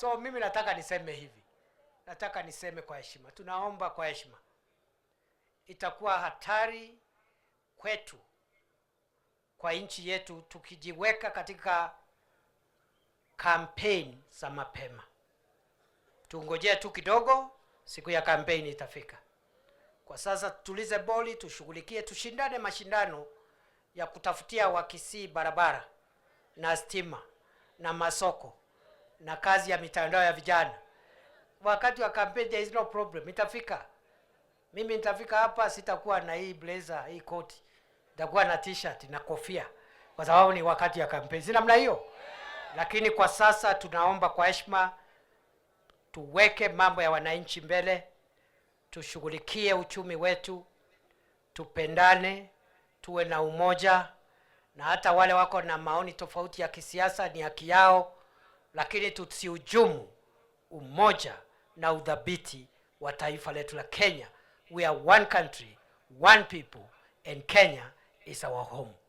So mimi nataka niseme hivi, nataka niseme kwa heshima, tunaomba kwa heshima, itakuwa hatari kwetu, kwa nchi yetu, tukijiweka katika kampeni za mapema. Tungojee tu kidogo, siku ya kampeni itafika. Kwa sasa tutulize boli, tushughulikie, tushindane mashindano ya kutafutia Wakisii barabara na stima na masoko na kazi ya mitandao ya vijana. Wakati wa kampeni there is no problem, itafika. Mimi nitafika hapa, sitakuwa na hii blazer, hii koti, nitakuwa na t-shirt na kofia, kwa sababu ni wakati ya kampeni, si namna hiyo. Lakini kwa sasa tunaomba kwa heshima tuweke mambo ya wananchi mbele, tushughulikie uchumi wetu, tupendane, tuwe na umoja, na hata wale wako na maoni tofauti ya kisiasa ni haki yao lakini tusihujumu umoja na udhabiti wa taifa letu la Kenya. We are one country, one people and Kenya is our home.